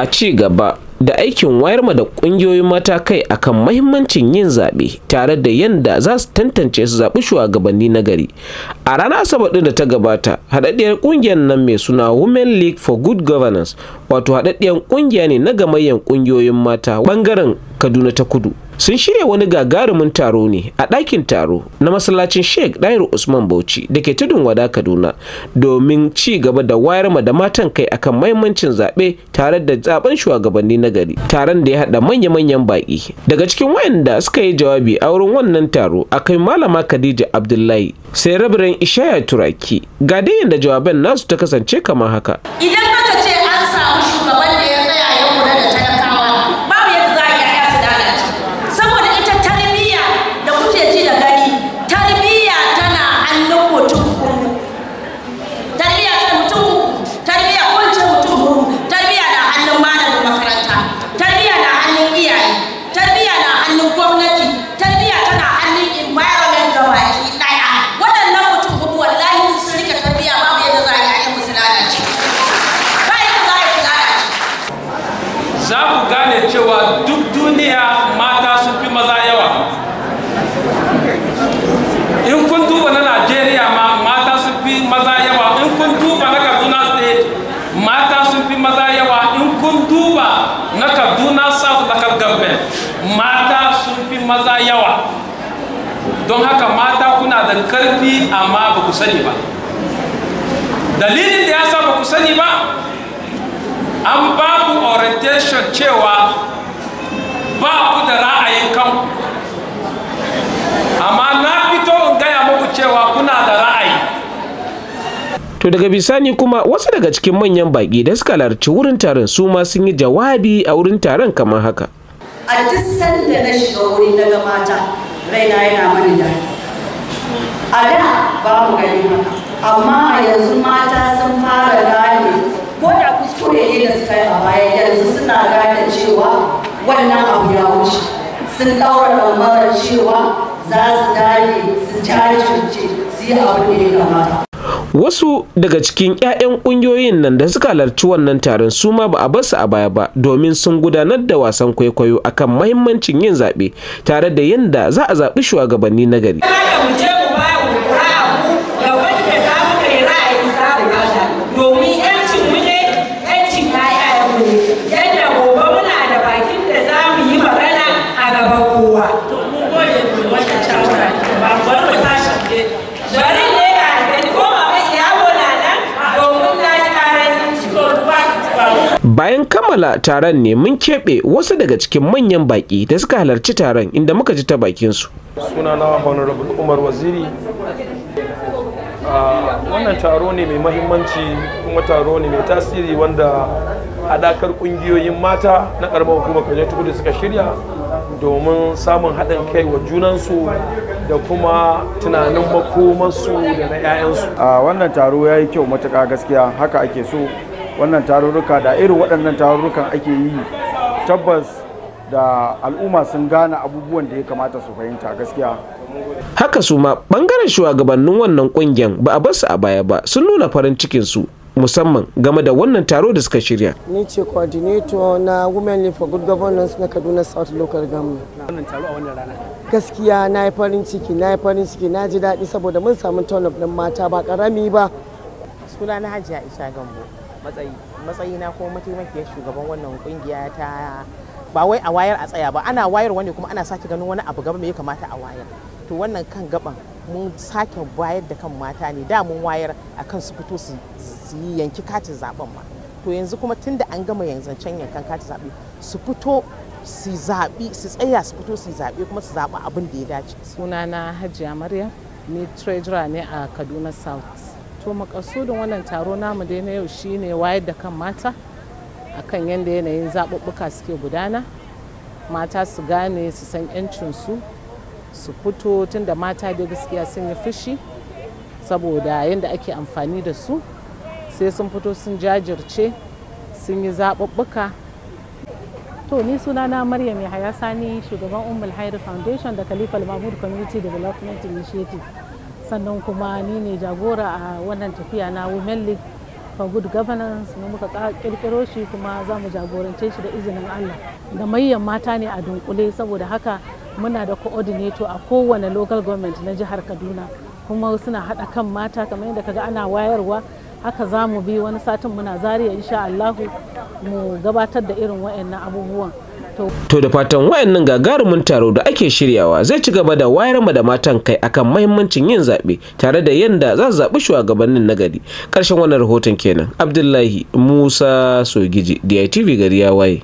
a ci gaba da aikin wayar da ƙungiyoyin mata kai akan mahimmancin yin zaɓe tare da yadda za su tantance su zaɓi shugabanni na gari a ranar asabar da ta gabata haɗaɗɗiyar ƙungiyar nan mai suna women league for good governance wato haɗaɗɗiyar ƙungiya ne na gamayyar ƙungiyoyin mata bangaren kaduna ta kudu sun shirya wani gagarumin taro ne a ɗakin taro na masallacin sheikh ɗayar usman bauchi da ke tudun wada kaduna domin ci gaba da wayar ma da matan kai akan mahimmancin zaɓe tare da zaben shugabanni na gari taron da ya haɗa manya-manyan baƙi daga cikin wayanda suka yi jawabi a wurin wannan taro akai malama khadija abdullahi sai rabirin ishaya turaki ga da yadda jawaban nasu ta kasance kamar haka idan maza yawa in kun duba na kaduna south local government mata sun fi maza yawa don haka mata kuna da karfi amma ba ku sani ba dalilin da ya sa ba ku sani ba an ba ku orientation cewa ba ku da ra'ayin kanku to daga bisani kuma wasu daga cikin manyan baƙi da suka larci wurin taron su ma sun yi jawabi a wurin taron kamar haka a duk sanda na shiga wuri na ga mata raina yana mani da a da ba mu gani haka amma a yanzu mata sun fara gane ko da kuskure ne da suka yi a baya yanzu suna gane cewa wannan abu ya wuce sun ɗaura lambarar cewa za su gane su cuce su yi abu ne ga kamata wasu daga cikin 'ya'yan ƙungiyoyin nan da suka halarci wannan taron su ma ba a basu a baya ba domin sun gudanar da wasan kwaikwayo akan mahimmancin yin zaɓe tare da yadda za a zaɓi shugabanni na gari. bayan kammala taron ne mun keɓe wasu daga cikin manyan baƙi da suka halarci taron inda muka ji ta bakinsu sunana honorable umar waziri ah, wannan taro ne mai mahimmanci kuma taro ne mai tasiri wanda haɗakar ƙungiyoyin mata na ƙaramar hukumar kajin da suka shirya domin samun haɗin kai wa junansu da kuma tunanin makomansu da na 'ya'yansu a ah, wannan taro ya yi kyau matuka gaskiya haka ake so wannan tarurruka da irin waɗannan tarurrukan ake yi tabbas da al'umma sun gane abubuwan da ya kamata su fahimta gaskiya haka su ma bangaren shugabannin wannan kungiyar ba a basu a baya ba sun nuna farin cikin su musamman game da wannan taro da suka shirya. Ni ce coordinator na Women League for Good Governance na Kaduna South Local Government. Wannan taro a wannan rana. Gaskiya na yi farin ciki, na yi farin ciki, na ji daɗi saboda mun samu turn up mata ba ƙarami ba. Suna na Hajiya isa Gambo. matsayi na kuma mataimakiyar shugaban wannan kungiya ta ba wai a wayar a tsaya ba ana wayar wani kuma ana sake ganin wani abu gaba mai kamata a wayar to wannan kan gaban mun sake bayar da kan mata ne da mun wayar akan su fito su yi yanki katin zaben ma to yanzu kuma tun da an gama yanzu can yankan katin zabe su fito su zaɓi su tsaya su fito su zaɓe kuma su zaɓa abin da ya dace sunana hajiya maryam ni treasurer ne a kaduna south to makasudin wannan taro namu dai na yau shine wayar da kan mata akan yadda yanayin zaɓuɓɓuka suke gudana mata su gane su san 'yancinsu su fito tunda mata dai gaskiya sun yi fushi saboda yadda ake amfani da su sai sun fito sun jajirce sun yi zaɓuɓɓuka to ni suna na maryam yahaya sani shugaban umar hair foundation da khalifa mahmud community development initiative sannan kuma ni ne jagora a wannan tafiya na women league for good governance na muka kirkiro shi kuma za mu jagorance shi da izinin allah da mayan mata ne a dunkule saboda haka muna da coordinator a kowane local government na jihar kaduna kuma suna haɗa kan mata kamar yadda kaga ana wayarwa haka za mu bi wani satin muna zariya insha allahu mu gabatar da irin wayannan abubuwan To da fatan wayannan gagarumin taro da ake shiryawa zai ci gaba da wayar ma da matan kai akan mahimmancin yin zaɓe tare da yadda za su zaɓi shugabannin nagari. Ƙarshen wannan rahoton kenan. Abdullahi Musa Sogiji, DITV gari ya waye.